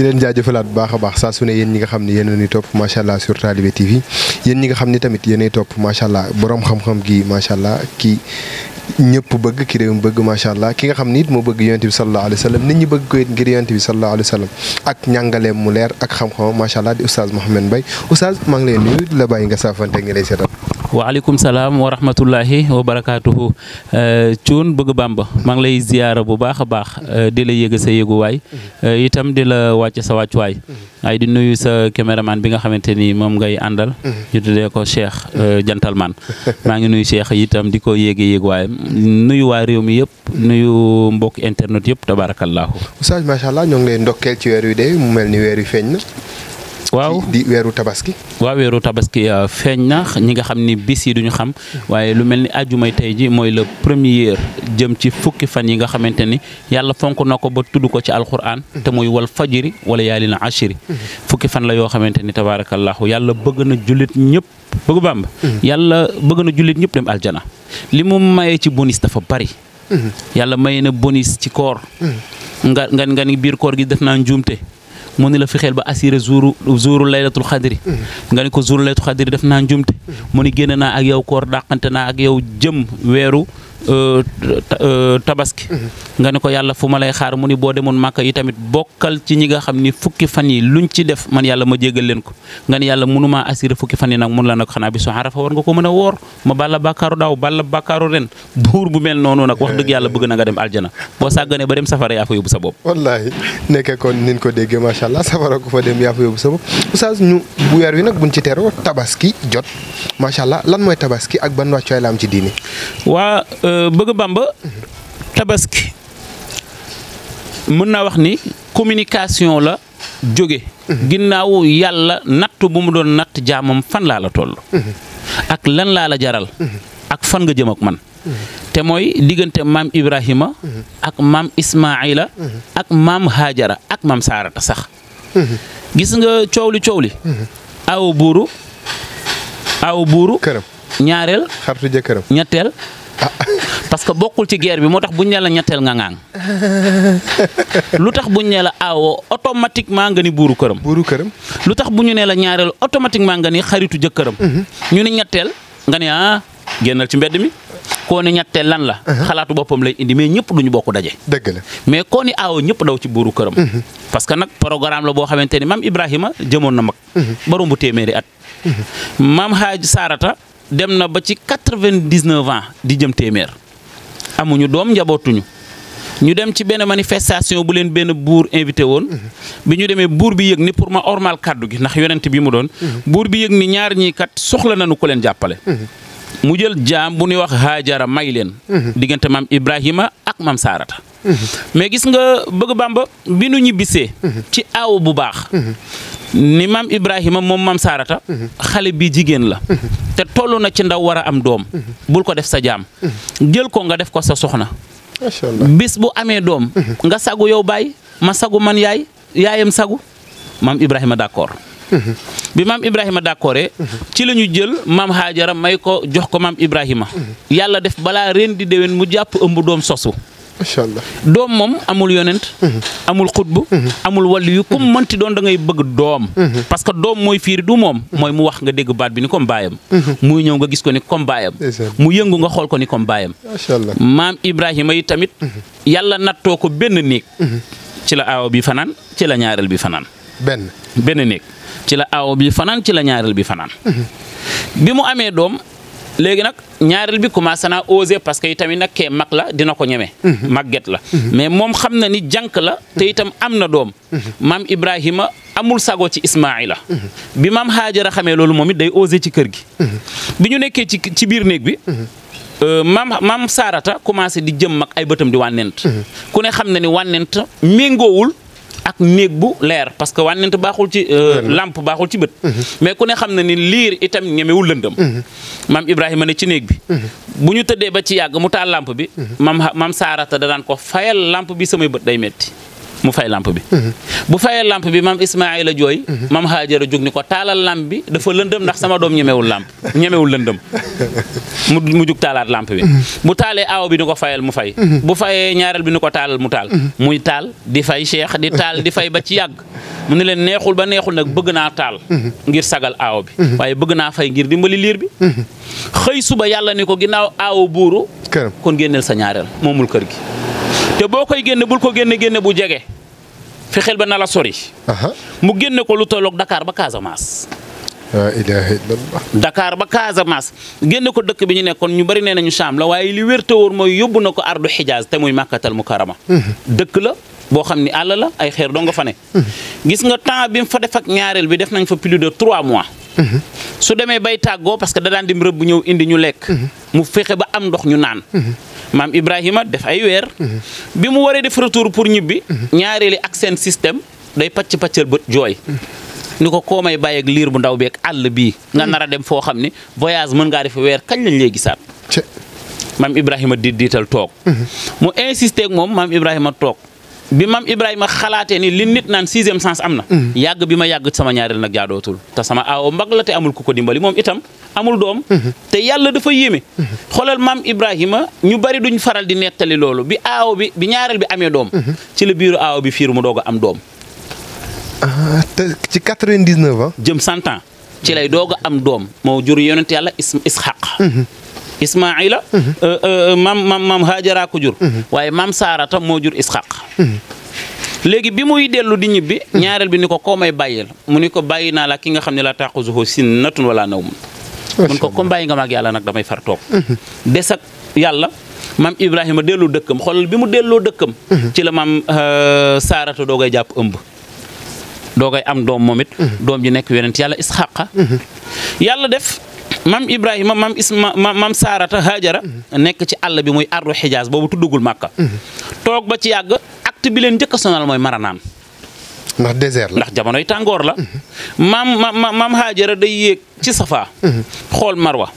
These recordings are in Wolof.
di leen jaajëfalaat bu baax a baax saa su ne ñi nga xam ne yéen la ñuy topp macha allah sur Talibé TV yéen ñi nga xam ne tamit yéenay topp macha allah borom xam-xam allah ki ñëpp bëgg ki réew mi bëgg macha allah ki nga xam ni moo bëgg yonent bi sallallahu alayhi wa nit ñi bëgg ko ngir yonent bi sallallahu alayhi wa sallam ak ñàngaleem mu leer ak xam-xamam macha allah di oustaz Mouhamed Mbaye oustaz maa ngi lay nuyu la bàyyi nga saafante ngi lay seetal. waaleykum salaam wa rahmatullahi wa barakaatuhu euh, Thioune bëgg Bamba maa ngi lay ziyaara bu baax a baax euh, di la yéeg sa yéeguwaay euh, itam di la wàcc sa wàccuwaay ay di nuyu sa caméraman bi nga xamante ni moom ngay àndal ñu tuddee ko Cheikh Gentleman maa ngi nuyu Cheikh itam di ko yéege yéeguwaayam nuyu waa réew mi yëpp nuyu mbokk internet yëpp tabaarakallaahu Oustaz macha allah ñoo ngi lay ndokkeel ci weer wi de mu mel ni weer wi feeñ na waaw di weeru tabaski. tabaski euh, feeñ na ñi nga xam ni bis yi duñu xam waaye lu mel ni àjjumay tey ji mooy le premier jëm ci fukki fan yi nga xamante ni yàlla fonk na ko ba tudd ko ci alxuraan mhm. te muy wal fajiri wala yaalil ashiri mhm. fukki fan la yoo xamante ni tabaarakallaahu yàlla bëgg na jullit ñëpp bëgg bàmb mhm. yàlla bëgg na jullit ñëpp dem aljana li mu mayee ci bonus dafa bari yàlla may na bonus ci koor nga nga nga ni biir koor gi def naa njuumte mu ni la fexeel ba assuré jouru jouru laylatul xadri mm-hmm. nga ni ko jouru laylatul xadri def naa njumte mm-hmm. mu ni génn naa ak yow koor dàqante naa ak jëm weeru Euh, euh, tabaski mhm. nga ne ko yàlla fu ma lay xaar mu ni boo demoon màkka yi tamit bokkal ci ñi nga xam ni fukki fan yi luñ ci def man yàlla ma jéggal leen ko nga ne yàlla mënumaa assuré fukki fan yi nag mun la nag xanaa bisu Arafa war nga ko mën a woor ma balla bàkkaaru daaw balla bàkkaaru ren buur bu mel noonu nag wax dëgg yàlla bëgg na nga dem aljana boo sàgganee ba dem safara yaa fa sa bopp wallaahi nekk kon nin ko déggee macha allah safara ko fa dem yaa fa sa bopp oustaz ñu bu weer wi nag buñ ci teroo tabaski jot macha allah lan mooy tabaski ak ban wàccuwaay la am ci diini Euh, bëgg Bamba tabaski mën na wax ni communication la jóge ginnaaw yàlla natt bu mu doon natt jaamam fan laa la toll ak lan laa la jaral ak fan nga jëm ak man te mooy diggante maam Ibrahima ak maam Ismaayila ak maam Haajara ak maam Saarata sax gis nga coow li coow li aw buuru aw buuru ñaareel ñetteel parce que bokul ci guerre bi motax tax buñ la ñettel nga ngang lu buñ ne la awo automatiquement nga ni buru kërëm buru kërëm lu buñu ne la ñaareel automatiquement nga ni xaritu jëkkëram. Mhm. ñu ni ñettel nga ni ah génnal ci mbedd mi. ko ni ñettel lan la. Mhm. xalaatu bopam lay indi mais ñepp duñu bokku daje. dëgg la mais ko ni awo ñepp daw ci buru kërëm mhm. parce que nak programme la bo xamanteni mam Ibrahima jëmon na mak ba bu téméré at. mam Haaj Sarata. dem na ba ci quatre-vingt-dix-neuf ans di jëm téeméer amuñu doom njabootuñu ñu dem ci benn manifestation bu leen benn buur invité woon mhm. bi ñu demee buur bi yëg ni pour ma ormal kàddu gi ndax yonent bi mu doon mhm. buur bi yëg ni ñaar ñii kat soxla nañu ko leen jàppale mhm. mu jël jaam bu ñuy wax haajara may leen diggante maam ibrahima ak maam saarata mais gis nga bëgg bàmba bi nu ñibbisee ci aaw bu baax ni maam Ibrahima moom maam Saarata. xale bi jigéen la. te toll na ci ndaw war a am doom. bul ko def sa jaam. jël ko nga def ko sa soxna. macha bis bu amee doom. nga sagu yow baay ma sagu man yaay yaayam sagu maam Ibrahima d'accord. bi mam Ibrahima d'accordé ci la jël maam Haajara may ko jox ko maam Ibrahima. yàlla def balaa ren di déwén mu jàpp ëmb doom sosu. macha doom moom amul yonent amul xutbu amul waliyu comme mënti doon da ngay bëgg doom parce que doom mooy fiiri du moom mooy mu wax nga dégg baat bi ni comme baayam muy ñëw nga gis ko ni comme baayam mu yëngu nga xool ko ni comme baayam macha allah maam Ibrahima yi tamit yàlla nattoo ko benn néeg ci la aaw bi fanaan ci ñaareel bi fanaan benn benn néeg ci la aaw bi fanaan ci la ñaareel bi fanaan bi mu amee doom léegi nag ñaareel bi commencé naa osé parce que itamit nag kee mag la dina ko ñeme. Mhm. màgget la mhm. mais moom xam na ni jànk la te mhm. itam am na doom maam Ibrahima amul sago ci Ismaila bi maam Haajara xamee loolu moom it day osé ci kër gi bi ñu nekkee ci ci biir néeg bi euh, maam maam Saarata commencé di jëm mag ay bëtam di wànnent ku ne xam na ni wànnent méngoowul ak néeg bu leer parce que wànnent baaxul ci euh, lamp baaxul ci bët mhm. mais ku ne xam na ni liir itam ñemewul lëndëm mhm. maam ibrahima ne ci néeg bi mhm. bu ñu tëddee ba ci yàgg mu taal làmp bi mam maam saarata da ko fayal làmp bi samay bët day metti mu fay lamp bi bu fayee lamp bi mam ismaeil joy mam Haajara jóg ko talal lamp bi dafa leundum ndax sama dom ñemewul lamp ñemewul leundum mu juk talat lamp bi bu talé aw bi niko fayal mu fay bu fayé ñaaral bi niko talal mu tal muy tal di fay cheikh di tal di fay ba ci yag mune len neexul ba neexul nak bëgg na taal ngir sagal aaw bi waye bëgg na fay ngir dimbali lire bi xëy suba yàlla ne ko ginaaw aaw buru kon gennel sa ñaarel momul kër gi te boo genn bul ko genn genn bu jégué fi xel ba na la sori mu genn ko lu tolok Dakar ba Casamance laa ilaaha illallah Dakar ba Casamance genn ko dëkk bi ñu nekkon ñu bari neenañu sham la waye li wér te wóor yóbbu na ko ardu hijaz te muy màkkatal mukarrama dëkk la boo xam ni àll la ay xeer doo nga fa ne. gis nga temps bi mu fa def ak ñaareel bi def nañ fa plus de trois mois. su demee bay tàggoo parce que da daan dim rëbb ñëw indi ñu lekk. mu fexe ba am ndox ñu naan. maam Ibrahima def ay weer. bi mu waree def retour pour ñibbi. ñaareeli ak seen système day pacc pàccal bët jooy. ni ko koo may bàyyeeg liir bu ndaw bi ak àll bii. nga nar a dem foo xam ne voyage mën ngaa def weer kañ lañ lay gisaat. maam Ibrahima di diital toog. Uhuh. toog. bi mam Ibrahima xalaatee ni li nit naan sixième sens am na. Mm. yàgg bi ma yàgg sama ñaareel nag jaadootul te sama aawo mbag te amul ku ko dimbali moom itam amul doom. Mm-hmm. te yàlla dafa yéeme. Mm-hmm. xoolal mam Ibrahima ñu bari duñ faral di nettali loolu bi aawo bi bi ñaareel bi amee doom. Mm-hmm. ci la biiru aawo bi fiir mu doog a am doom. Ah, ci quatre vingt dix ah. jëm cent ci lay doog a am doom moo jur yonent yàlla Isxaq. Ismaila maam mhm. euh, euh, maam maam Haajara ko jur mhm. waaye maam Saarata moo jur Isxaq mhm. bi muy dellu di ñibbi ñaareel bi ni ko koo may bàyyeel mu ni ko bàyyi naa la ki nga xam ne la taaxuzuhu sinnatun wala nawmun mun ko comme bàyyi nga ma ak yàlla nag damay far toog des ak yàlla maam Ibrahima dellu dëkkam xoolal bi mu delloo dëkkam ci la maam euh, Saarata doogay jàpp ëmb doogay am doom moom doom ji nekk yonent yàlla Isxaqa yàlla def mam Ibrahima mam Isma mam Saarata Haajara nekk ci àll bi muy ardu Xijaas boobu tuddagul Màkka. toog ba ci yàgg acte bi leen njëkk a sonal mooy naan ndax désert la ndax jamonoy tàngoor la. maam maam Haajara day yéeg ci Safa. Mhm. xool Marwa.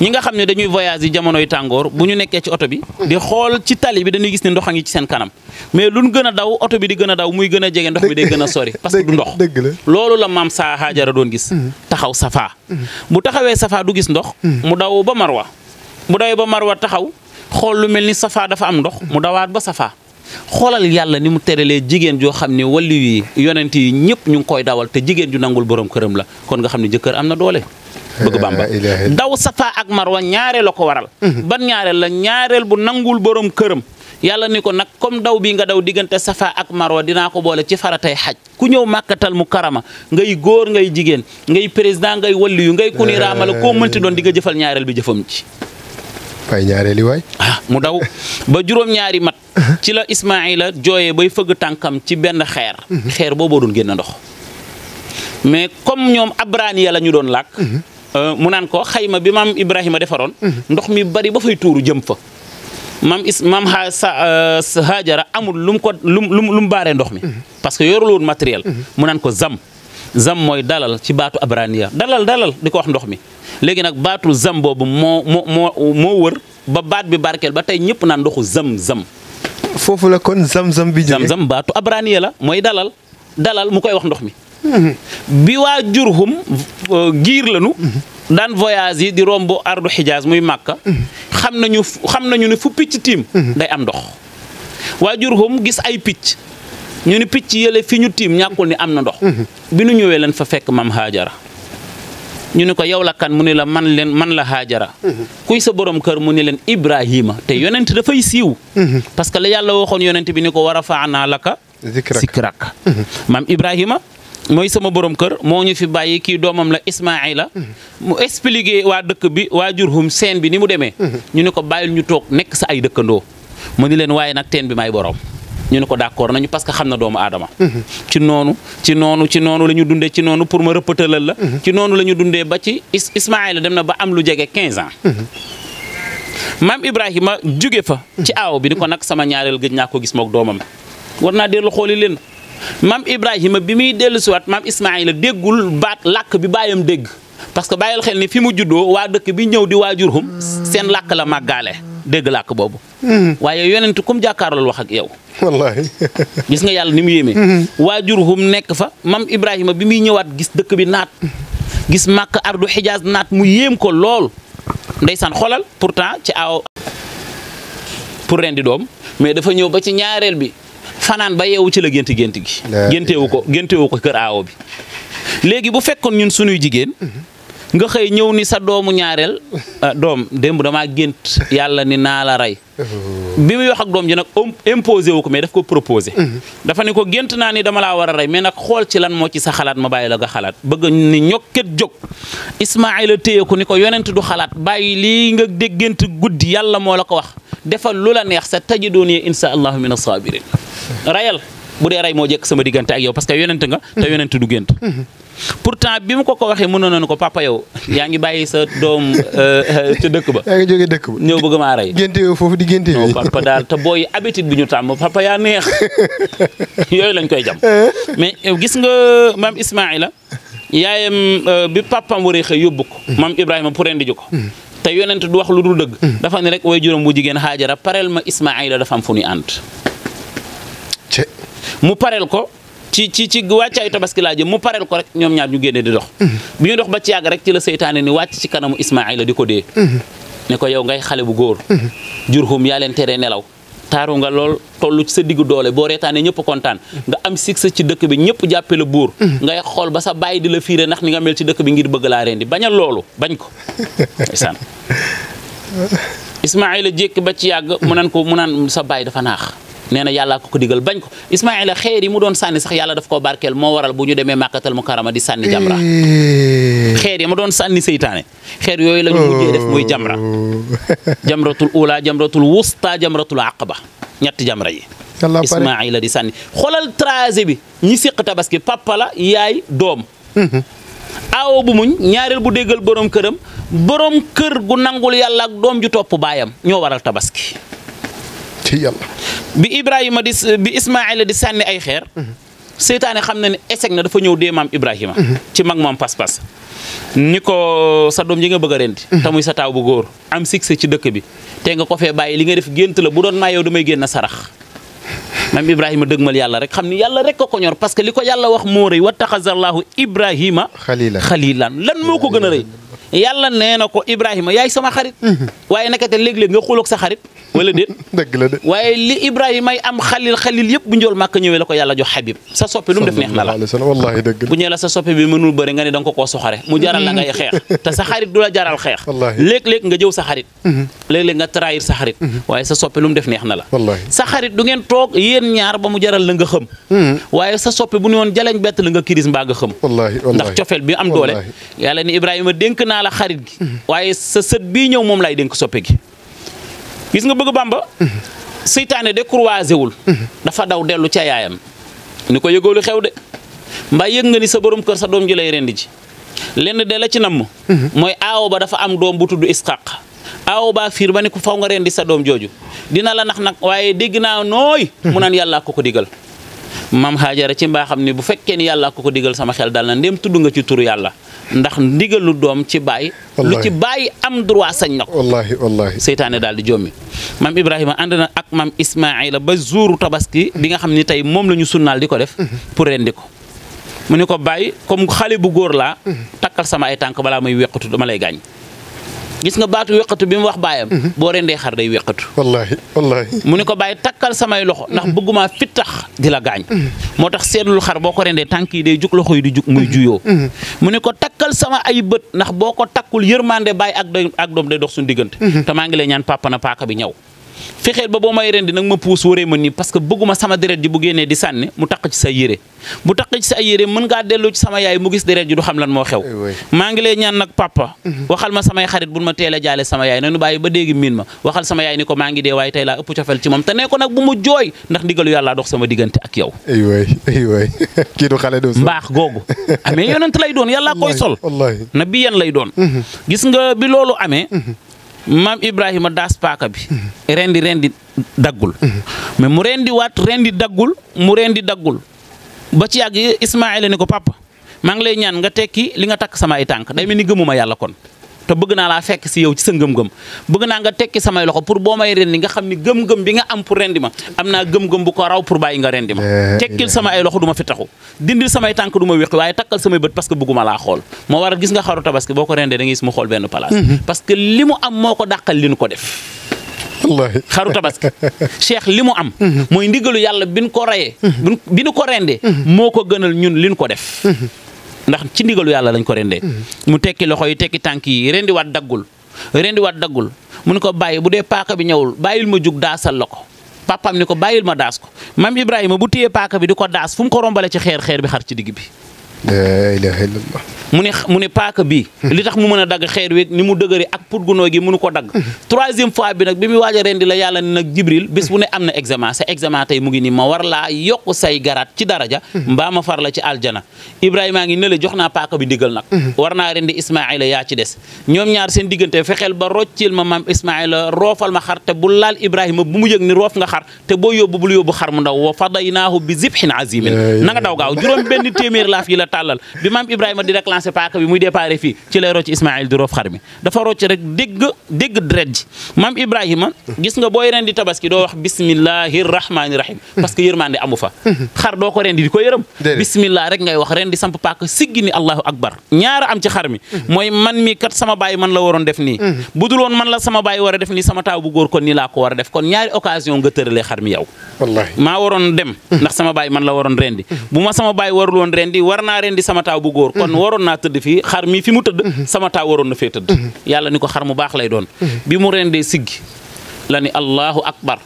ñi nga xam ne dañuy voyage yi jamonoy tàngoor bu ñu nekkee ci oto bi di xool ci tali bi dañuy gis ne ndox a ngi ci seen kanam mais luñ gën a daw oto bi di gën a daw muy gën a jege ndox bi day gën a sori parce que du ndox loolu la maam saa Haajara doon gis mm-hmm. taxaw safaa mm-hmm. bu taxawee safaa du gis ndox mm-hmm. mu daw ba marwa mu dawee ba marwa taxaw xool lu mel ni safaa dafa am ndox mu dawaat ba safaa xoolal yàlla ni mu teralee jigéen joo xam ne wali yi yonent yi ñëpp ñu ngi koy dawal te jigéen ju nangul borom këram la kon nga xam ne jëkkër am na doole bëgg bamba daw safa ak marwa ñaareel la ko waral mhm. ban ñaareel la ñaareel bu nangul borom këram yàlla ni ko nag comme daw bi nga daw diggante safa ak marwa dinaa ko boole ci faratay xaj ku ñëw màkkatal mu karama ngay góor ngay jigéen ngay président ngay walliyu ngay ku ni ko koo mënti doon di nga jëfal ñaareel bi jëfam ci fay ah, mu daw ba juróom-ñaari mat mhm. ci la Ismaayila jooyee bay fëgg tànkam ci benn xeer mhm. xeer booboo doon génn ndox mais comme ñoom abraani ya la ñu doon làkk Euh, mu naan ko xayma bi maam Ibrahima defaroon. Mhm. ndox mi bari ba fay tuuru jëm fa. maam is maam xaa sa euh, amul lu ko lu lu mu baaree ndox mi. Mhm. parce que yorul woon matériel. Mhm. mu naan ko zam. zam mooy dalal ci baatu abrania dalal dalal di ko wax ndox mi léegi nag baatu zam boobu moo wër ba baat bi barkeel ba tey ñëpp naan ndoxu zam zam. foofu la kon zam zam bi jógee zam baatu abrania la mooy dalal dalal mu koy wax ndox mi. bi waa Jurhum euh, giir lañu daan voyage yi di romb ardu xijaas muy Màkka xam nañu xam nañu ne fu picc tiim day am ndox waa Jurhum gis ay picc ñu ni picc yële fi ñu tiim ñàkkul ni am na ndox bi nu ñëwee leen fa fekk mam Haajara ñu ni ko yow la kan mu ni la man leen man la Haajara kuy sa borom kër mu ni leen Ibrahima te yonent dafay siiw parce que la yàlla waxoon yonent bi ni ko war a faanaa laka sikrak maam Ibrahima mooy sama borom kër moo ñu fi bàyyi kii doomam la Ismaayla mu expliqué waa dëkk bi waa jur Jurhum seen bi ni mu demee mhm. ñu ne ko bàyyil ñu toog nekk sa ay dëkkandoo mu ni leen waaye nag teen bi maay borom ñu ne ko d'accord nañu parce que xam na doomu aadama mhm. ci noonu ci noonu ci noonu la ñu dundee ci noonu pour ma rëppatalal la mhm. ci noonu la ñu dundee ba ci Ismaayla dem na ba am lu jege 15 ans maam Ibrahima jóge fa ci aaw bi ni ko nag sama ñaareel gëj naa ko gis mook doomam war naa mam ibrahima bi mi delusi wat mam ismaila degul bat lak bi bayam deg parce que bayal xel ni fi mu juddo wa dekk bi ñew di wajurhum sen sen la magale deg lak bobu hmm. waye yonent kum jakarol wax ak yow wallahi gis nga yalla ni yeme hmm. wajurhum nek fa mam ibrahima bi mi ñewat gis dekk bi nat gis makka ardu hijaz nat mu yem ko lol ndaysan xolal pourtant ci aw pour rendi dom mais dafa ñew ba ci ñaarel bi fanaan ba yeewu ci la gént gént gi géntewu ko géntewu ko kër aawo bi léegi bu fekkoon ñun sunuy jigéen mhm. nga xëy ñëw ni sa doomu ñaareel ah, doom démb damaa gént yàlla ni naa la rey oh. bi muy wax ak doom ji nag imposé wu ko mais daf ko proposé mm-hmm. dafa ne ko gént naa ni dama laa war a rey mais nag xool ci lan moo ci sa xalaat ma bàyyi la nga xalaat bëgg ni ñokket jóg Ismaayla téye ko ni ko yonent du xalaat bàyyi lii nga déggante guddi yalla moo la ko wax defal lu la neex sa taji doon yee insha allahu min asaabirin mm-hmm. rayal bu dee rey moo jekk sama diggante ak yow parce que yonent nga te mm-hmm. yonent du pourtant bimu ko ko waxe mënoon nañu ko papa yow yaangi ngi sa dom euh, euh ci dekk ba. yaangi joge dekk ba ñëw bëgg ma ray genté yow fofu di genté yow. papa dal te boy habitude bi ñu tam papa ya neex yoy lañ koy jam eh? mais gis nga mam Ismaïla yaayam euh, bi papa waree xëy yóbbu ko. Hmm. maam Ibrahima pour indi juko ko. Hmm. te yonent du wax lu dul deug hmm. dafa ni rek way juróom bu jigen Haajara parel ma Ismaïla dafa am fu ñuy ant mu parel ko ci ci ci wàccaayu tabaski laa mu parel ko rek ñom ñaar ñu génne di dox bi ñu dox ba ci yag rek ci la ni wacc ci kanamu ismaeil di ko ne ko yow ngay xale bu goor jurhum ya len tere nelaw taru nga lol tollu ci sa diggu doole bo reetaane ñepp contane nga am succès ci dëkk bi ñepp jappé le bour ngay xol ba sa baye di la firé nak ni nga mel ci dëkk bi ngir bëgg la rendi baña loolu bañ ko ndeysaan Ismaayila ba ci yag mu nan ko mu nan sa baye dafa nax nee na yàlla ko ko digal bañ ko Ismaila xeer yi mu doon sànni sax yàlla daf koo barkeel moo waral bu ñu demee màkkatal mu karama di sànni jamra eh. xeer yi ma doon sànni seytaane xeer yooyu la ñu mujjee def muy jamra oh. jamratul ula jamratul wusta jamratul aqaba ñetti jamra yi Ismaila di sànni xoolal tracé bi ñi séq tabaski papa la yaay doom aawo mm-hmm. bu muñ ñaareel bu déggal borom këram borom kër gu nangul yàlla ak doom ju topp baayam ñoo waral tabaski ci yàlla bi Ibrahima di bi Ismaayila di sànni ay xeer. seytaane xam na ne échec na dafa ñëw dee maam Ibrahima. ci mag maam pas-pas. ni ko sa doom ji nga bëgg a rendi muy sa taaw bu góor. am sa ci dëkk bi. tee nga ko fee bàyyi li nga def gént la bu doon maa yow damay génn sarax. maam Ibrahima dëgmal yàlla rek xam ni yàlla rek ko ko ñor parce que li ko yàlla wax moo rëy wattaxazallahu Ibrahima. xalilan xalilan lan moo ko gën a rëy. yàlla nee na ko Ibrahima yaay sama xarit. Mhm. waaye naka te léeg-léeg nga xuloog sa xarit wala déet. dëgg la de waaye li Ibrahima am xalil xalil yëpp bu njool màkk ñëwee la ko yàlla jox Habib. sa soppe lu mu def neex na la wallaahi dëgg bu sa da nga ko koo soxare mu jaral la ngay xeex mhm. te xarit du la jaral xeex. sa xarit. Mhm. léeg-léeg sa xarit. waaye neex na la. sa xarit du ngeen toog yéen ñaar ba mu jaral la nga xëm. waaye sa soppe bu ñu woon jaleñ bett la nga kiris mbaa nga xëm. ndax cofeel bi am doole yàlla ni Ibrahima dénk naa la xarit gi waaye sa sët bii ñëw moom lay dénk soppe gi gis nga bëgg bamba seytaane décroisé wul dafa daw dellu ca yaayam ni ko yëgoolu xew de mbaa yëg nga ni sa borom kër sa doom ji lay rend ji lenn de la ci namm mooy aawo ba dafa am doom bu tudd isqaq aawo baa fiir ba ni ko faw nga rendi sa doom jooju dina la nax nag waaye dégg naa nooy mu naan yàllaa ko ko digal maam xaajara ci mbaa xam ne bu fekkee ni yàllaa ko ko digal sama xel dal na ndem tudd yàlla ndax ndigalu doom ci baay lu ci baay am droit sañ na ko seytaane daal di jommi maam ibrahima ànd na ak maam ismaila ba jouru tabaski bi nga xam ni tey moom la ñu sunnaal di ko def mhm. pour rendi ko mu ne ko baay comme xale bu góor laa mhm. takkal sama ay tànk balaa mooy wequtu dama lay gaañ gis nga baatu weqatu bi mu wax baayam mhm. boo rendee xar day weqatu wallaahi wallaahi mu ni ko bàyyi takkal samay loxo ndax mhm. bëgguma fittax di la gaañ mhm. moo tax seetlul xar boo ko rendee tànk yi day jug loxo yi di jug muy juyoo mu ni ko takkal sama ay bët ndax boo ko takkul yërmande bàyyi ak ak doom day dox suñu diggante te maa ngi lay ñaan papa na paaka bi ñëw fexeel ba boo may rendi nag ma puus waree ma nii parce bëgguma sama deret ji bu génnee di sànni mu taq ci sa yére bu taq ci sa yére mën ngaa delloo ci sama yaay mu gis deret ji du xam lan moo xew eh maa ngi lay ñaan nag papa mhm. waxal ma samay xarit bul ma teel a jaale sama yaay nanu bàyyi ba déegi miin ma waxal sama yaay ni ko maa ngi dee waaye tey laa ëpp cofeel ci moom te nee ko nag bu mu jooy ndax ndigalu yàlla dox sama diggante ak yow eh eh kii du xale du maam Ibrahima daas paaka bi. rendi rendi daggul. mais mu rendi waat rendi daggul mu rendi daggul ba ci yàgg Ismaayla ne ko papa maa ngi lay ñaan nga tekki li nga takk sama ay tànk day mel ni gëmuma yàlla kon. te bëgg naa la fekk si yow ci sa ngëm-ngëm bëgg naa nga tekki samay loxo pur boo may rendi nga xam ni gëm-gëm bi nga am pour rendi ma am naa gëm-gëm bu ko raw pour bàyyi nga rendi ma eh, eh, tekkil eh. sama ay loxo du ma fi taxu dindil samay tànk du ma wéqi waaye takkal samay bët parce que bëgguma laa xool moo a gis nga xaru tabaski boo ko rendee da ngay gis mu xool benn place mm-hmm. parce que li mu am moo ko dàqal li ko def wallaay xaru tabaski li mu am mm-hmm. mooy ndigalu yàlla bi nu ko rayee mm-hmm. bi nu ko rendee moo ko gënal ñun li nu ko def ndax ci ndigalu yàlla lañ ko rendee mm-hmm. mu tekki loxo yi tekki tànk yi rendiwaat daggul rendiwaat daggul mu ne ko bàyyi bu dee paaka bi ñëwul bàyyil ma jug daasal la ko papaam ni ko bàyyil ma daas ko maam Ibrahima bu téyee paaka bi di ko daas fu mu ko rombale ci xeer xeer bi xar ci digg bi. mu ne mu paaka bii li tax mu mën a dagg xeer wi ni mu dëgëri ak put gunóor gi mënu ko dagg troisième fois bi bi muy waaj a rendi la yàlla ne nag jibril bis bu ne am na examen sa examen tey mu ngi nii ma war laa yokk say garaat ci daraja mbaa ma far la ci aljana ibrahima ngi ne la paaka bi diggal nag war rendi ismaila yaa ci des ñoom ñaar seen diggante fexeel ba roccil ma maam ismaila roofal ma xar te bu laal ibrahima bu mu yëg ni roof nga xar te boo yóbbu bul yóbbu xar mu ndaw wa fadaynaahu bi zibhin na bi maam ibrahima di déclenché commencé paaka bi muy déparé fii ci lay rocc Ismaïl di roof xar mi dafa rocc rek dégg dégg dret ji maam Ibrahima gis nga booy ren di tabaski doo wax bismillahi rahmaani rahim parce que yërmande amu fa xar doo ko ren di di ko yërëm bismillah rek ngay wax ren di samp paaka siggi ni allahu akbar ñaara am ci xar mi mooy man mi kat sama baay man la waroon def nii bu dul woon man la sama baay war a def nii sama taaw bu góor kon nii laa ko war a def kon ñaari occasion nga tëralee xar mi yow maa waroon dem ndax sama baay man la waroon ren di bu ma sama baay warul woon ren di war naa ren di sama taaw bu góor kon waroon waroon naa tëdd fii xar mii fi mu tëdd mhm. sama taa waroon na fee tëdd mhm. yàlla ni ko xar mu baax lay doon mhm. bi mu rendee siggi la allahu akbar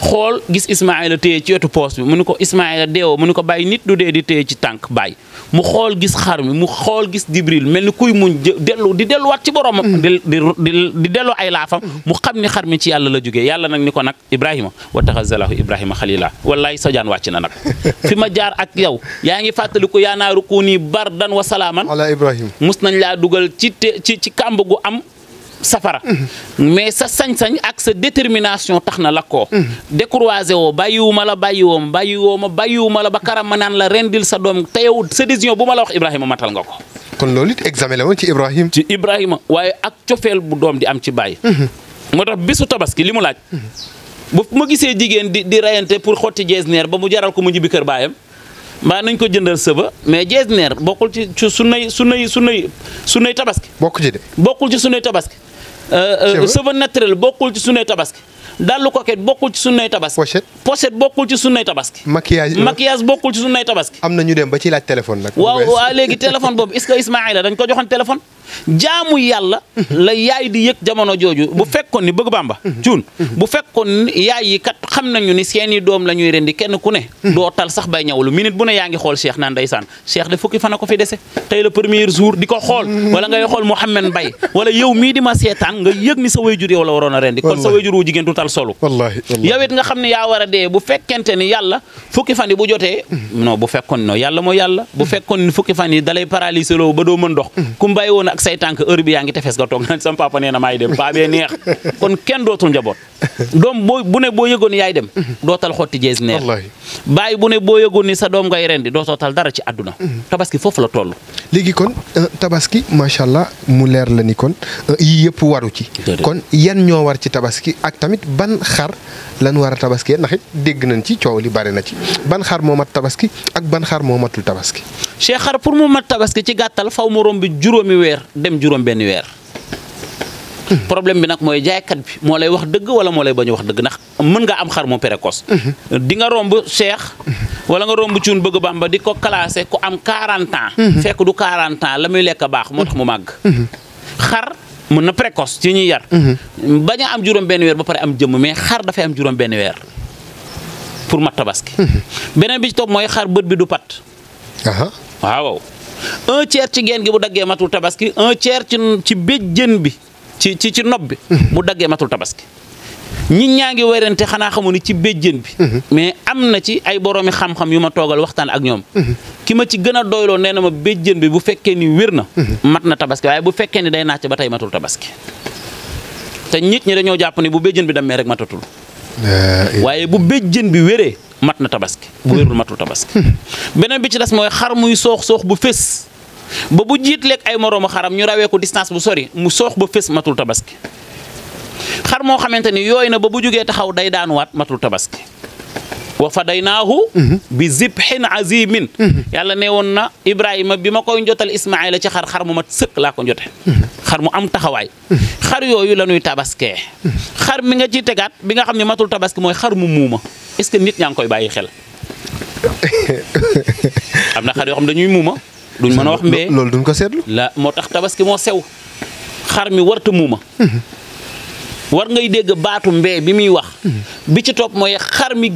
xool gis Ismaayla téye ci wetu poos bi mu ni ko Ismaayla deewoo mu ni ko bàyyi nit du dee di téye ci tànk baay mu xool gis xar mi mu xool gis Jibril mel ni kuy mu dellu di delluwaat ci boromam. Mm. di di delloo ay laafam. mu xam ni xar mi ci yàlla la jógee yàlla nag ni ko nag Ibrahima wa taxazalahu Ibrahima xalila wallaay sojaan wàcc na nag fi ma jaar ak yow yaa ngi fàttaliku yaa naa rukuni bardan wa salaaman. ala Ibrahima mus nañ laa dugal ci ci ci kàmb gu am. safara mais sa sañ-sañ ak sa détermination tax na la ko découragé woo bàyyiwuma la bàyyiwooma bàyyiwooma bàyyiwuma la ba karam ma naan la rendil sa doom te yow sa décision bu ma la wax Ibrahima matal nga ko kon loolu it examen la woon ci Ibrahima ci Ibrahima waaye ak cofeel bu doom di am ci bàyyi mhm. moo tax bisu tabaski li mu laaj mhm. bu ma gisee jigéen di di rayante pour xotti jees neer ba mu jaral ko mu ñibbi kër baayam mbaa nañ ko jëndal sëba mais jees neer bokkul ci su sunnay sunnay sunnay tabaski. bokk ci de bokkul ci sunnay tabaski. Euh, euh, cheveux naturel bokkul ci suñuy tabaski. dàllu coquette bokkul ci sunnay tabaski. pochette pochette bokkul ci sunnay tabaski. maquillage euh, maquillage bokkul ci sunnay tabaski. am na ñu dem ba ci laaj téléphone nag. waaw waaw léegi téléphone boobu est-ce que Ismaïla dañ ko joxoon téléphone. jaamu yàlla la yaay di yëg jamono jooju bu fekkoon ni bëgg bamba cuun bu fekkoon yaay yi kat xam nañu ni seeni doom la ñuy rendi kenn ku ne doo tal sax bay ñawlu minute bu ne yaa ngi xool Cheikh naan ndeysaan Cheikh de fukki fan a ko fi dese tey le premier jour di ko xool wala ngay xool Mouhamed Mbaye wala yow mii di ma seetaan nga yëg a rendi kon sa solo. wallaahi yow nga xam ne yaa war a dee bu fekkente ni yàlla fukki fan bu jotee. non bu fekkoon non yàlla mooy yàlla. bu fekkoon ni fukki fan yi dalay paralysé loo ba doo mën dox. ku mu bàyyi woon ak say tànk bi yaa ngi tefes nga toog naan sama papa maay dem baa bee neex kon kenn dootul njaboot. doom boo bu ne boo yëgoon yaay dem mhm. dootal xotti jees neer bàyyi bu ne boo yëgoon ni sa doom ngay rendi doo tootal dara ci àdduna mhm. tabaski foofu la toll léegi kon euh, tabaski macha allah mu leer la ni kon euh, yii yëpp waru ci kon yan ñoo war ci tabaski ak tamit ban xar lan war a tabaski ndax it dégg nañ ci coow li bari na ci ban xar moo mat tabaski ak ban xar moo matul tabaski cheikh xar pour mu mat tabaski ci gàttal faw mu romb juróomi weer dem juróom benn weer problem bi nag mooy jaaykat bi mo lay wax deug wala mo lay bañ wax deug nak mën nga am xar mo précoce. Mhm. di nga rombu Cheikh. wala nga rombu ciun bëgg Bamba di ko classé ku am 40 ans. Mhm. fekk du 40 ans lamuy lek baax mo tax mu mag mhm. xar mën na précoce ci ñi yar. baña am juroom ben wër ba paré am jëm mais xar fay am juroom ben wër pour ma tabaski. benen bi ci top moy xar bët bi du pat. waaw un tiers ci gene gi bu dagge matul tabaski un tiers ci ci béjjën bi. ci ci ci nob bi mu mhm. daggee matul tabaski ñit ñaa ngi werante xanaa xamu ni ci béjjén bi mhm. mais am na ci ay boroomi xam-xam yu ma toogal waxtaan ak ñoom mhm. ki ma ci gën a doyloo nee na ma béjjén bi bu fekkee ni wér na mat na tabaski bu fekkee ni day naacc ba tey matul tabaski te ñit ñi dañoo jàpp ni bu béjjén bi demee rek matatul waaye bu béjjén bi wéree mat na tabaski bu wérul matul tabaski beneen bi ci des mooy xar muy soox soox bu fés ba bu jiit lekk ay moroomu xaram ñu rawee ko distance bu sori mu soox ba fés matul tabaski xar moo xamante ni yooyu na ba bu jugee taxaw day daanuwaat matul tabaski wa fadaynaahu mhm. bi zibhin azimin mhm. yàlla ne woon na ibrahima bi ma koy njotal ismaila ci xar mu mat sëkk laa ko njote mhm. xar mu am taxawaay xar yooyu la ñuy tabaskee xar mi nga ciy tegaat bi nga xam ne matul tabaski mooy xar mu muuma est-ce que nit ñaa ngi koy bàyyi xel am na xar yoo xam dañuy muuma duñ mën a wax mbee loolu duñ ko seetlu la moo tax tabaski moo sew xar mi warta muuma mhm. war ngay deg baatu mbé bi mi wax bi ci top moy xar mi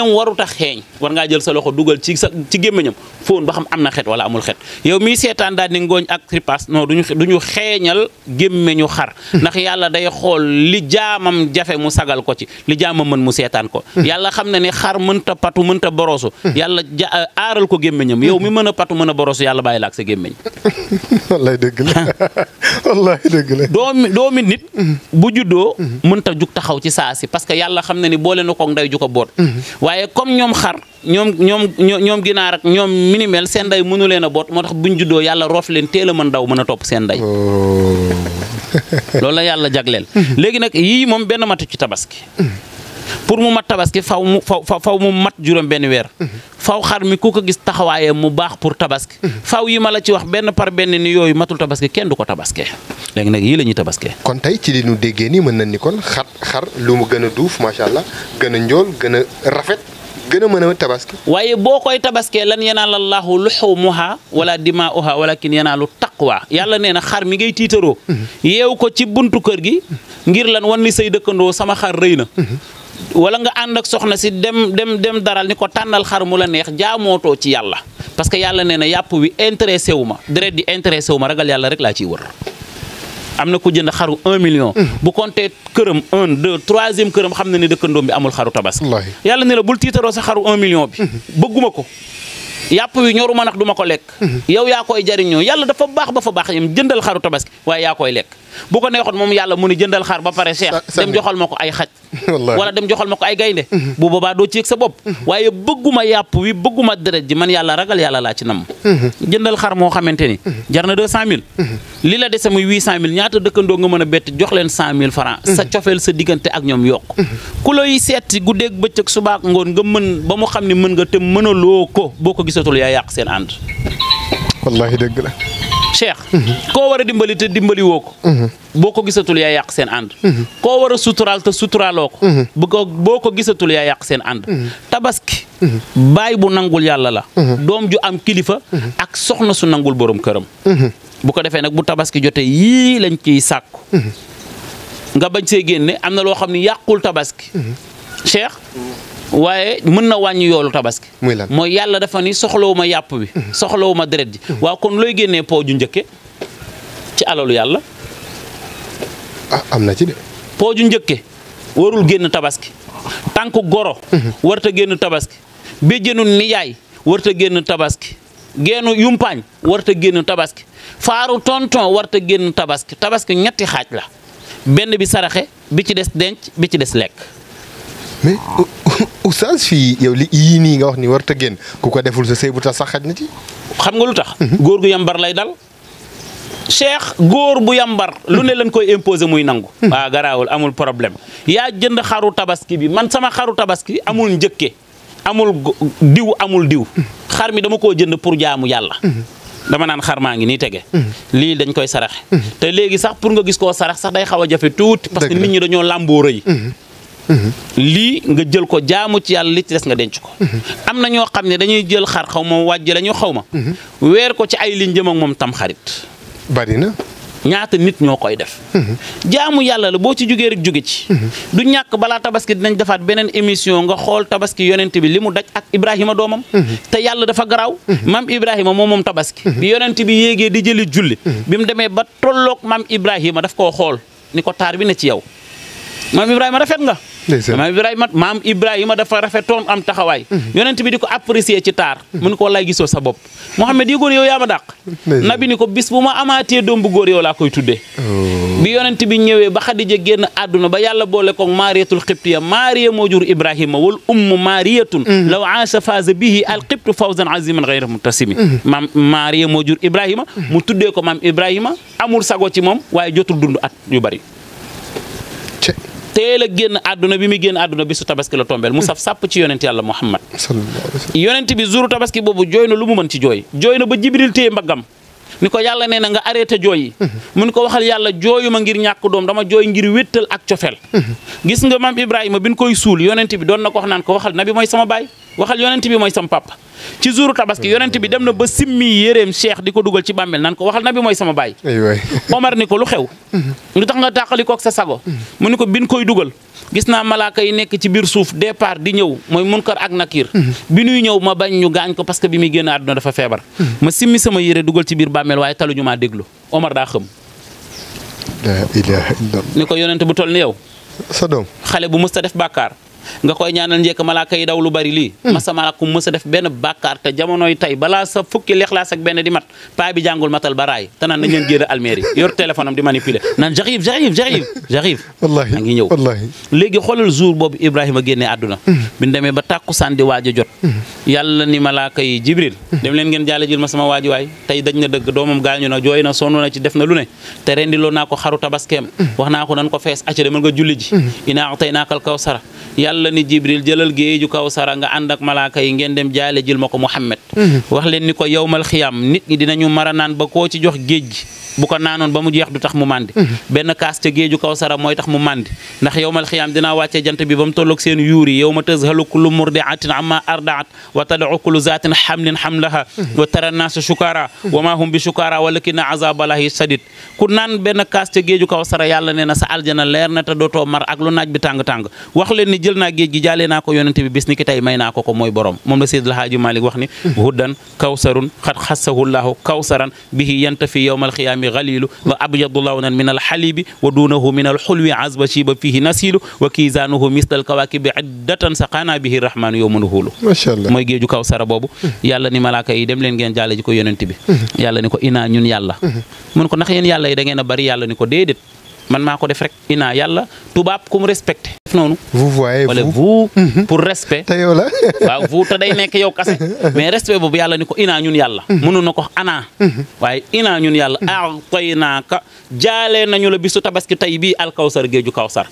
waru waruta xéñ war nga jël sa loxo dugal ci ci gemmeñam foon ba xam amna xet wala amul xet yow mi seetaan daal ni ngoñ ak tripass non duñu duñu xéñal gemmeñu xar ndax yalla day xol li jaamam jafe mu sagal ko ci li jaamam man mu seetaan ko yalla xam na ni xar mënta patu mënta borosu Yalla ja aaral ko gemmeñam yow mi mëna patu mëna boroso borosu yàlla ak sa gemmeñ wallahi deug la wallahi deug la doomi doomi nit bu juddoo mënta jug taxaw ci saa si parce yàlla xam na ni boole na koog nday ju ko boot waaye comme ñoom xar ñoom ñoom ñoom ginaar ak ñoom minimel seen nday mënu leen a boot moo tax buñ juddoo yàlla roof leen teel a mën daw mën a topp seen nday oh. loolu la yàlla jagleel léegi nag yii moom benn matu ci tabaski mm. pour mu mat tabaski faw mu faw faw mu mat juróom benn weer mhm. faw xar mi ku ko gis taxawaayam mu baax pour tabaski mhm. faw yi ma la ci wax benn par benn ni yooyu matul tabaski kenn du ko tabaskee léegi nag yii la ñuy tabaskee kon tey ci li ñu déggee nii mën nañ ni kon xar xar lu mu gën a duuf macha allah gën a njool gën rafet gën a mën a tabaski waaye boo koy tabaskee lan yenaan yanaal allaahu luxumuha wala dimaauha walakin yanaalu taqwa yàlla nee na xar mi ngay tiitaroo mhm. yeew ko ci buntu kër gi ngir lan wan ni say dëkkandoo sama xar rëy na wala nga ànd ak soxna si dem dem dem daral ni ko tànnal xar mu la neex jaamootoo ci yàlla parce que yàlla nee na yàpp wi intéressé wu ma deret di intéressé wu ma ragal yàlla rek laa ciy wër am na ko jënd xaru un million. Mm. bu kontee këram 1 2 troisième këram xam na ne dëkkandoom bi amul xaru tabaski. yàlla ne la bul tiitaroo sa xaru 1 million bi. Mm-hmm. bëgguma ko. yàpp wi ñoru ma nag du ma ko lekk. Mm-hmm. yow yaa koy jariñoo yàlla dafa baax ba fa baax yam jëndal xaru tabaski waaye yaa koy lekk bu ko neexoon moom yàlla mu ne jëndal xar ba pare. seex joxal ma ko ay xaj. wala dem joxal ma ko ay gaynde bu boobaa doo ci yëg sa bopp waaye bëgguma yàpp wi bëgguma deret ji man yàlla ragal yàlla laa ci nam jëndal xar moo xamante ni jar na deux cent mille li la dese muy huit cent mille ñaata dëkkandoo nga mën a bett jox leen cent mille francs sa cofeel sa diggante ak ñoom yokk ku lay seeti guddeeg bëccëg subaak ngoon nga mën ba mu xam ne mën nga te loo ko boo ko gisatul yaa yàq seen ànd wallaahi dëgg la cheikh koo war a dimbali te dimbali woo ko mhm. boo ko gisatul yaa yàq seen ànd mhm. koo war a suturaal te suturaaloo mhm. ko boo ko gisatul yaa yàq seen ànd tabaski bàyyi bu nangul yàlla la doom ju am kilifa ak soxna su nangul borom këram bu ko defee nag bu tabaski jotee yii lañ ciy sàkku nga bañ see génne am na loo xam ne yàqul tabaski cheikh waaye mën na wàññi yoolu tabaski mooy yàlla dafa ni soxlawu ma yàpp wi mhm. soxlawu ma deret ji mhm. waaw kon looy génnee poo ju njëkke ci alalu yàlla ah am na ci poo ju njëkke warul génn tabaski tànk goro mhm. warta génn tabaski béjjënu nijaay warta génn tabaski génnu yumpaañ warta génn tabaski faaru tonton warta génn tabaski tabaski ñetti xaaj la benn bi saraxe bi ci des denc bi ci des lekk mais oustaz fii yow li yii nii nga wax ni warut a génn ku ko deful sa sëy sax xaj na ci. xam nga lu tax. Mhm. góor gu yambar lay dal. cheikh góor bu yambar. lu ne lañ koy imposer muy nangu. Mhm. waa garaawul amul problème. yaa jënd xaru tabaski bi man sama xaru tabaski amul njëkke amul diw amul diw. Mhm. xar mi dama koo jënd pour jaamu yàlla. dama naan xar maa ngi nii tege. lii dañ koy saraxe. te léegi sax pour nga gis koo sarax sax day xaw a jafe tuuti. parce que nit ñi dañoo làmboo rëy. lii nga jël ko jaamu ci yàlla li ci des nga denc ko am na ñoo xam ne dañuy jël xar xaw ma wàjj la xawma weer ko ci ay liñ jëm moom tam xarit bari na ñaata nit ñoo koy def jaamu yàlla la boo ci jógee rek jóge ci du ñàkk balaa tabaski dinañ defaat beneen émission nga xool tabaski yonent bi li mu daj ak ibrahima doomam te yàlla dafa garaaw maam ibrahima moom moom tabaski bi yonent bi yéegee di jëli julli bi mu demee ba tolloog maam ibrahima daf koo xool ni ko taar bi ne ci yow maam Ibrahima maam Ibrahima dafa rafetoon am taxawaay mhm. yonent bi di ko apprécier ci taar mhm. mun ko wallaay gisoo sa bopp Mouhamed yëgoon yow yaa ma dàq nabi ni ko bis bu ma amaatee doom bu góor yow laa koy tuddee oh. bi yonent bi ñëwee ba Xadija génn àdduna ba yàlla boole ko maariyatul xibtiya maariya moo jur Ibrahima wal ummu maariyatun mhm. law aasa faasa bihi al xibtu fawzan aziman gayra muntasimi maam maariya moo jur Ibrahima mu tuddee ko maam Ibrahima amul sago ci moom waaye jotul dund at yu bari teel a génn àdduna bi muy génn àdduna bisu tabaski la tombeel mu saf hmm. sàpp ci yonent yàlla muhammad yonent bi juru tabaski boobu jooy na lu mu mën ci jooy jooy na ba jibril téye mbaggam ni ko yàlla nee na nga arrêté jooy yi hmm. ko waxal yàlla jooyu ma ngir ñàkk doom dama jooy ngir wéttal ak cofeel hmm. gis nga maam ibrahima bi ñu koy suul yonent bi doon na ko wax naan ko waxal nabi mooy sama baay waxal yonent bi mooy sama papa ci jouru tabaski yonent bi dem na ba simmi yéreem cheikh di ko dugal ci bàmmeel nan ko waxal na bi mooy sama baay Omar ni ko lu xew lu tax nga tàqalikook sa sago mu ni ko bin koy dugal gis naa malaaka yi nekk ci biir suuf départ di ñëw mooy munkar ak nakir bi nuy ñëw ma bañ ñu gaañ ko parce que bi muy génn àdduna dafa feebar ma simmi sama yére dugal ci bàmmeel waaye taluñu maa déglu Omar daa xëm ni ko yonent bu toll ni yow sa doom xale bu mës ta def bàkkaar nga koy ñaanal ñeek malaaka yi daw lu bari lii hmm. masa malakum mësa def ben bakkar te yi tay bala sa fukki l'ikhlas ak ben di mat pa bi jangul matal baray te naan nañ gëna almeri yor téléphone am di manipuler nan j'arrive j'arrive j'arrive j'arrive wallahi ngi ñew wallahi legi xolal jour bobu ibrahima génnee àdduna hmm. bi ñu demee ba takku sandi waji jot hmm. yalla ni malaaka yi jibril dem leen gën jaale jël ma sama waji way tay dañ na dëgg doomam gaañu na joy na sonu na ci def na lu ne te rendi lo naa ko xaru tabaskem wax naa ko nan ko fees acca demal nga julli ji inaa tey naakal ya yàlla ni jibril jëlal géeju kawsara nga ànd ak malaaka yi ngeen dem jaale jil ma ko muhammad mhm. wax leen ni ko yowmal xiyaam nit ñi dinañu mara naan ba koo ci jox géej bu ko naanoon ba mu jeex du tax mu màndi ben kaas geedju kaw sara moy tax mu màndi ndax yawmal khiyam dina wacce jant bi bam tolok sen yuri yawma tazhalu kullu murdiatin amma ardaat wa tad'u kullu zatin hamlin hamlaha wa tara naasa sukara wa ma hum bi sukara wala ki sadid ku nan ben kaas geedju kaw sara yàlla neena sa aljana leer na ta doto mar ak lu naaj bi tàng-tàng wax len ni jeulna geedji géej ko yonent bi bis ni ki tey ko ko moy borom mom la sayyid El Hadji wax ni huddan kawsarun xat allah kawsaran bihi yantafi yawmal khiyam الظلام غليل وأبيض لونا من الحليب ودونه من الحلو عذب شيب فيه نسيل وكيزانه مثل الكواكب عدة سقانا به الرحمن يوم نهول ما شاء الله mooy géeju Kawsara boobu yàlla ni malaaka yi dem leen ngeen jàlle ji ko yonent ni ko inaa ñun a man mako def rek ina yalla, tubab kum respecté def nonou vous voyez vous vous mhm. pour respect tayo la wa vous ta day nek yow kasse mais respect bobu yalla niko ina ñun yalla mënu nako ana waaye ina ñun yàlla mhm. mhm. a'taynaaka jale nañu la bisu tabaski tey bii alkawsar geju kawsar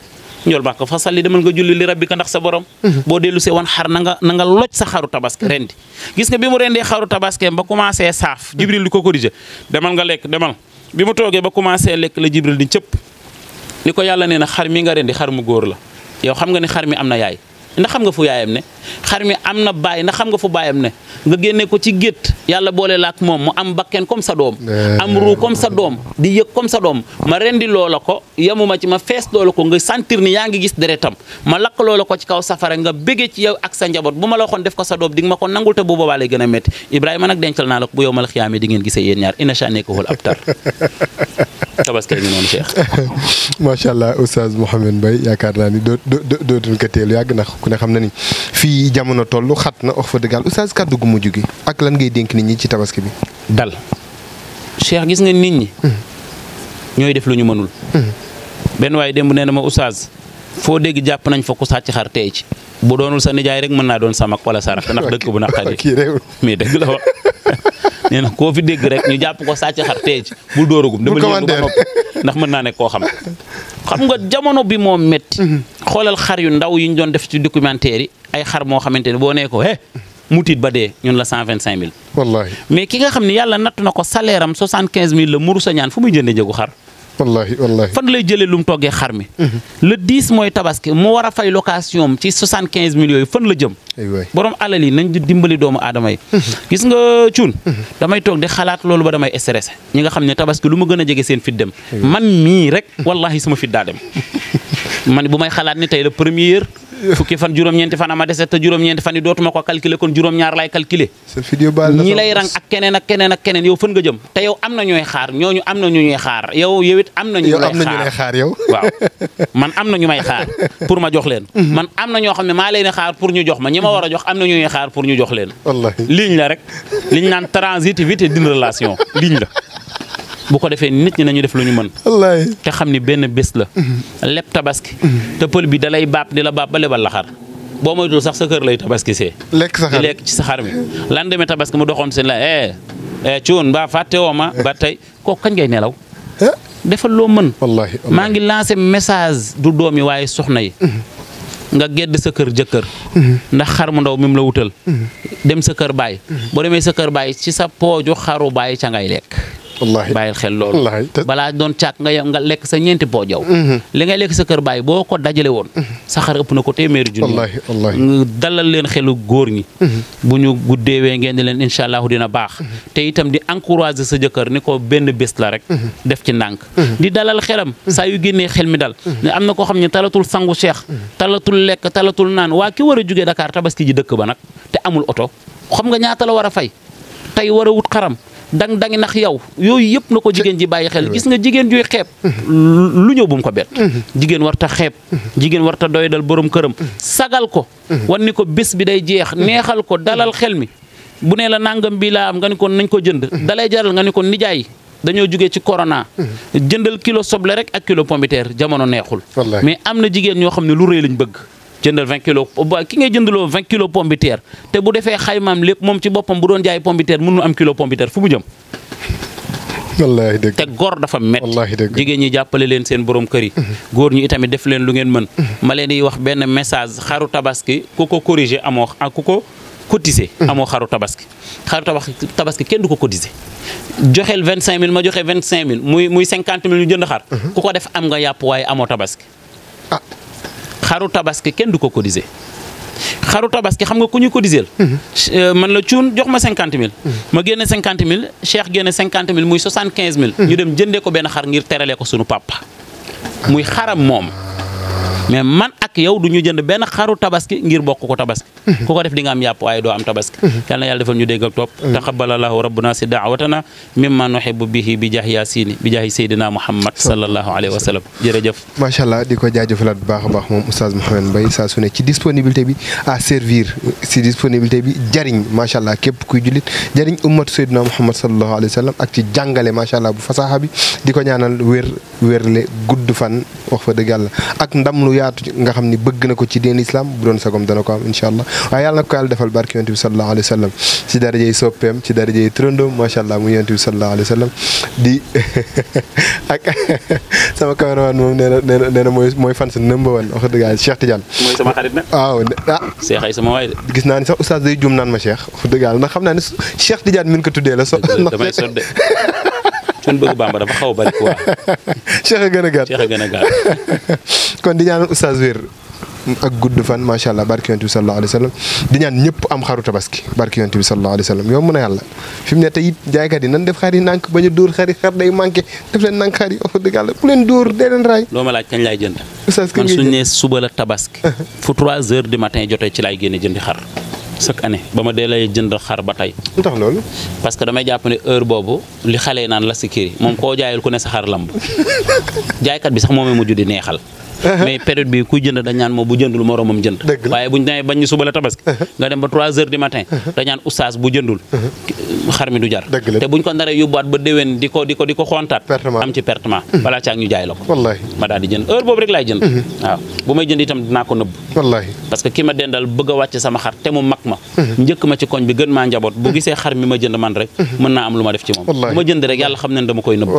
ñol maa fa sali demal nga julli li rabbika ndax sa borom bo delu se woon xar na nga na nga loj sa xaru tabaski rendi gis nga Bimu mu xaru tabaski ba commencé saf jibril di ko demal nga lek demal bimu toge ba commencé lek la jibril di cëpp ni ko yàlla nee na xar mi nga rendi xar mu góor la yow xam nga ni xar mi am na yaay ndax xam nga fu yaayam ne xar mi am na baay ndax xam nga fu baayam ne nga génne ko ci gét yàlla boole la moom mu am bakken comme sa doom am ruu comme sa doom di yëg comme sa doom ma rendi loola ko yemuma ci ma fees loola ko nga sentir ni yaa ngi gis deretam ma lakk loola ko ci kaw safara nga béggee ci yow ak sa njaboot bu ma la waxoon def ko sa doom di nga ma ko nangul te bu boobaa lay gën a métti Ibrahima nag dencal naa la ko bu yow ma la xiyaamee di ngeen gisee yéen ñaar inna sha'naka huwal abtar tabaski ngi noonu Cheikh yaakaar naa ni dootuñ ko teel yàgg na ku ne xam na ni fii jamono toll xat na wax fa dëgg yàlla oustaz kàddu gu mujj gi ak lan ngay dénk nit ñi ci tabaski bi. dal Cheikh gis nga nit ñi. Hmm. ñooy def lu ñu mënul. Hmm. benn waaye démb nee na ma oustaz foo dégg jàpp nañ fa sàcc xar tey ci. bu doonul sa nijaay rek mën naa doon samak wala sarak ndax dëkk bu naqari mais dëgg la wax. nee na koo fi dégg rek ñu jàpp ko sàcc xar teej bul dóoragum dama ñëw du ndax mën naa ne koo xam xam nga jamono bi moom métti mhm. xoolal xar yu ndaw yi ñu doon def ci documentaire yi ay xar moo xamante ne boo nee ko eh mu tiit ba dee ñun la cent vingt cinq mille mais ki nga xam ne yàlla natt na ko salaire am soixante quinze mille la muru sa ñaan fu muy jënde njëgu xar wallaahi wallaahi fan lay jëlee lu mu toggee xar mi. Mhm. le 10 mooy tabaski mu war a fay location am ci 75 yi fan la jëm. borom alal yi nañ di dimbali doomu aadama yi. Mhm. gis nga cuun. Mhm. damay toog de xalaat loolu ba damay stressé ñi nga xam ne tabaski lu ma gën a jege seen fit dem. man mii rek wallaahi suma fit daa dem man bu may xalaat ne tey la première. fukki fan juróom-ñeenti fana ama dese te juróom-ñeenti fan yi dootuma ko calculer kon juróom-ñaar laay calculer ñi keneen ak keneen ak keneen yow fën nga jëm te yow am na ñooy xaar ñooñu am na ñu ñuy xaar yow yow it am na ñu xaar yow waaw man am na ñu may xaar pour ma jox leen mhm. man am na ñoo xam ne maa leen xaar pour ñu jox ma ñi ma war a jox am na ñuy xaar pour ñu jox leen ligne la rek liñ naan transitivité d'une relation ligne la bu ko defee nit ñi nañu def lu ñu mën. wallaay te xam ni benn bés la. Mhm. leb tabaski. Mhm. te pël bi dalay baab di la baab ba lebal la xar boo moytuwul sax sa kër lay tabaski see. lekk sa xar lekk ci sa xar mi. lan demee tabaski mu doxoon seen la eh eh cuun ba fàtte woo ma ba tey kooku kañ ngay nelaw. Eh? defal loo mën. wallaahi maa ngi lancé message du doom yi waaye soxna yi. Mhm. nga gedd sa kër jëkkër ndax xar mu ndaw mi la wutal dem sa kër baay boo demee sa kër baay ci sa pooju xaru baay ca ngay lekk wallaahi bàyyil xel loolu balaa doon càkk nga nga lekk sa ñeenti poojaw mhm. li ngay lekk sa kër bàyyi boo ko dajale woon mhm. saxar ëpp na ko téeméeri junni dalal leen xelu góor ñi mhm. bu ñu guddeewee ngeen di leen incha allah dina baax te itam di encourager sa jëkkër ni ko benn bés la rek def ci ndànk dalal xelam sax yu génnee xel mi dal am na koo xam ne talatul sangu cheikh talatul lekk talatul naan waa ki war a jugee Dakar tabaski ji dëkk ba nag te amul oto xam nga ñaata la war fay tey war wut xaram dang dangi nax yow yooyu yëpp na ko jigéen ji bàyyi xel gis nga jigéen juy xeeb mhm. lu ñëw bu ko bett jigéen war ta xeeb jigéen warta mhm. doy dal borom këram mhm. sagal ko wan ni ko bés bi day jeex neexal ko dalal xel mi bu nee la nangam bi laa am nga ni ko nañ ko jënd dalay jaral nga ni ko nijaay dañoo jugee ci corona. jëndal kilo soble rek ak kilo pomme de terre jamono neexul mais am na jigéen ñoo xam ne lu rëy lañ bëgg jëndal 20 kilo ki ngay jëndaloo 20 kilos pomme de terre te bu defee xaymaam lépp moom ci boppam bu doon jaay pomme de terre mënul am kilo pomme de terre fu mu jëm. wallaahi dëgg te góor dafa met jigéen ñi jàppale leen seen borom kër yi. Mhm. góor ñi itamit def leen lu ngeen mën. Mhm. ma leen di wax benn message xaru tabaski ku ko corriger amoo ak ah, ku ko cotiser. Mhm. amoo xaru tabaski xaru tabaski kenn du ko cotiser joxeel 25000 ma joxe vingt cinq 25000 muy muy 50000 ñu jënd xar. ku ko def am nga yàpp amoo tabaski. Ah. xaru tabaski kenn du ko cotiser xaru tabaski xam nga ku ñu cotiser mhm. euh, man la cuun jox ma cinquante mille mhm. ma génne cinquante mille Cheikh génne cinquante mille muy soixante quinze mille mhm. ñu dem jëndee ko benn xar ngir terale ko sunu papa muy xaram moom mais man ak yow du ñu jënd benn xaru tabaski ngir bokk ko tabaski ku ko def di nga am yàpp waaye doo am tabaski yal yàlla defal ñu dégg ak topp taqabbalallahu rabbuna si daawatana mimma nuhibbu bihi bi jaah yaasini bi jaahi saydina muhammad sallallahu alayhi wa sallam jërëjëf macha allah di ko jaajëfalaat bu baax a baax moom oustaz Mouhamed Mbaye saa su ne ci disponibilité bi à servir si disponibilité bi jariñ macha allah képp kuy jullit jariñ ummatu saydina muhammad sallallahu alayhi wa sallam ak ci jàngale macha allah bu fasaaxa bi di ko ñaanal wér wérle gudd fan wax fa dëgg yàlla ndam lu yaatu nga xam ni bëgg na ko ci diin islam bu doon sagom dana ko am incha allah waaye yàlla na ko yàlla defal barki yonent bi sallallahu alayhi wa sallam ci darajey soppeem ci darajey turandoom macha allah mu yonent bi sallallahu alayhi wa sama cameraman moom nee na nee na nee na mooy mooy fan sa number one wax dëgg yàlla Cheikh Tidiane. sama xarit ah. naa ni sax oustaz day juum naan ma Cheikh wax dëgg yàlla xam naa ne Cheikh Tidiane mi ngi ko tuddee la. so damay sot de. kun bëgg Bamba a a a gàtt Cheikh a gën a gàtt. kon di ñaanal oustaz wér ak gudd fan macha allah barki yonent bi sallallahu alayhi wa sallam di ñaan ñëpp am xaru tabaski barki yonent bi mën a yàlla fi mu ne tey it jaaykat yi nan def xar yi nànk a dóor xar yi xar day manqué def leen nànk xar yi wax dëgg yàlla bu leen dóor dee leen raay. loo ma laaj kañ laay jënd. oustaz kañ man suñu suba la tabaski. fu 3 heures du matin jotee ci laay génne jëndi xar. chaque année ba ma dee lay jënd xar ba tey. lu tax loolu. parce que damay jàpp ne heure boobu li xale naan la si kiri moom koo jaayul ku ne sa xar lamb jaaykat bi sax moomee mujj di neexal. mais période bi kuy jënd dañ naan moom bu jëndul moroomam jënd waaye buñ demee bañ ñu suba la tabaski nga dem ba 3 heures du matin dañ naan oustaz bu jëndul xar mi du jar te buñ ko naree yóbbuwaat ba déwén di ko di ko di ko ñu ko ma daal di jënd heure boobu rek laay jënd mhm. waaw bu may jënd itam dinaa ko nëbb wallaahi parce que ki ma dendal bëgg a wàcc sama xar te mu mag ma mhm. njëkk ma ci koñ bi gën maa njaboot bu gisee xar mi ma jënd man rek mhm. mën naa am lu ma def ci moom bu ma jënd rek yàlla xam ne dama koy nëbb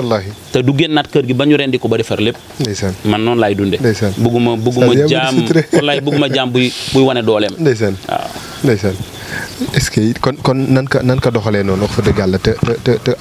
te du génnaat kër gi ba ñu rendi ko ba defar lépp man noonu laay dunde ndeysaan bëgguma bëgguma jaam wallaay bëgguma jaam buy buy wane dooleem ndeysaan waaw ndeysaan est-ce que kon kon nan ka nan ka doxalee noonu wax fa dëgg yàlla te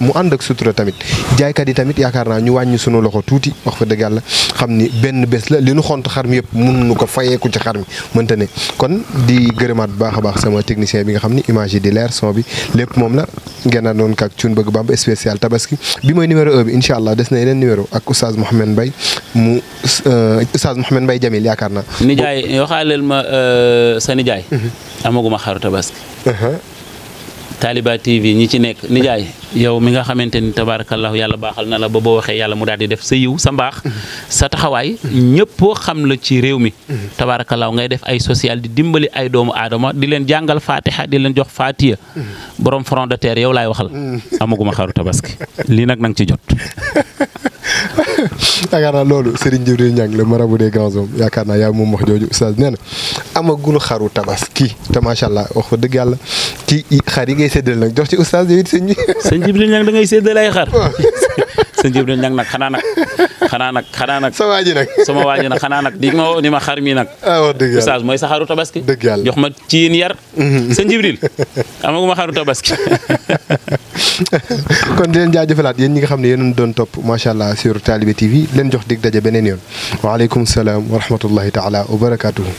mu ànd ak sutura tamit jaaykat yi tamit yaakaar naa ñu wàññi sunu loxo tuuti wax fa dëgg yàlla xam ni benn bés la li nu xont xar mi yëpp mënuñu ko fayeeku ci xar mi mënta ne kon di gërëmaat bu baax a baax sama technicien bi nga xam ni image di leer son bi lépp moom la ngeenaa noonu kaak cuun bëgg bamba spécial tabaski bi mooy numéro 1 bi allah des na yeneen numéro ak oustaz Mouhamed Mbaye mu euh, Oustaz Mouhamed Mbaye Jamil yaakaar naa. nijaay waxaaleel ma euh, sa nijaay. Mhm. amaguma xaru tabaski. Uh-huh. Taliba TV ñi ci nekk nijaay yow mi nga xamante ni tabaarakallahu yàlla baaxal na la ba boo waxee yàlla mu daal di def sa yiw sa mbaax mhm. sa taxawaay ñëpp xam la ci réew mi mhm. tabaarakallahu ngay def ay social di dimbali ay doomu aadama di leen jàngal fatiha di leen jox fatiya borom front de terre yow laay waxal amaguma xaru tabaski lii nag nang ci jot yaakaar naa loolu Serigne Djibril Niang le marabout des grands hommes yaakaar naa yaa moom wax jooju oustaz nee na amagul xaru tabaski te macha allah wax fa dëgg yàlla ci xar yi ngay séddale nag jox ci oustaz yooyu sëñ bi. sëñ Djibril Niang xar. sëñ Jibril ñang nag xanaa nag xanaa nag xanaa nag sama waaji nag sama waaji nag xanaa nag di ma woo ma xar mi nag ah, dëgg yàlla oustaz mooy saxaru tabaski dëgg yàlla jox ma ci yéen yar mhm. sëñ Jibril amaguma xaru tabaski kon di leen jaajëfalaat yéen ñi nga xam ne yéen doon topp macha allah sur Talibé TV leen jox dig daje beneen yoon waaleykum salaam wa rahmatullahi taala wa barakaatuhu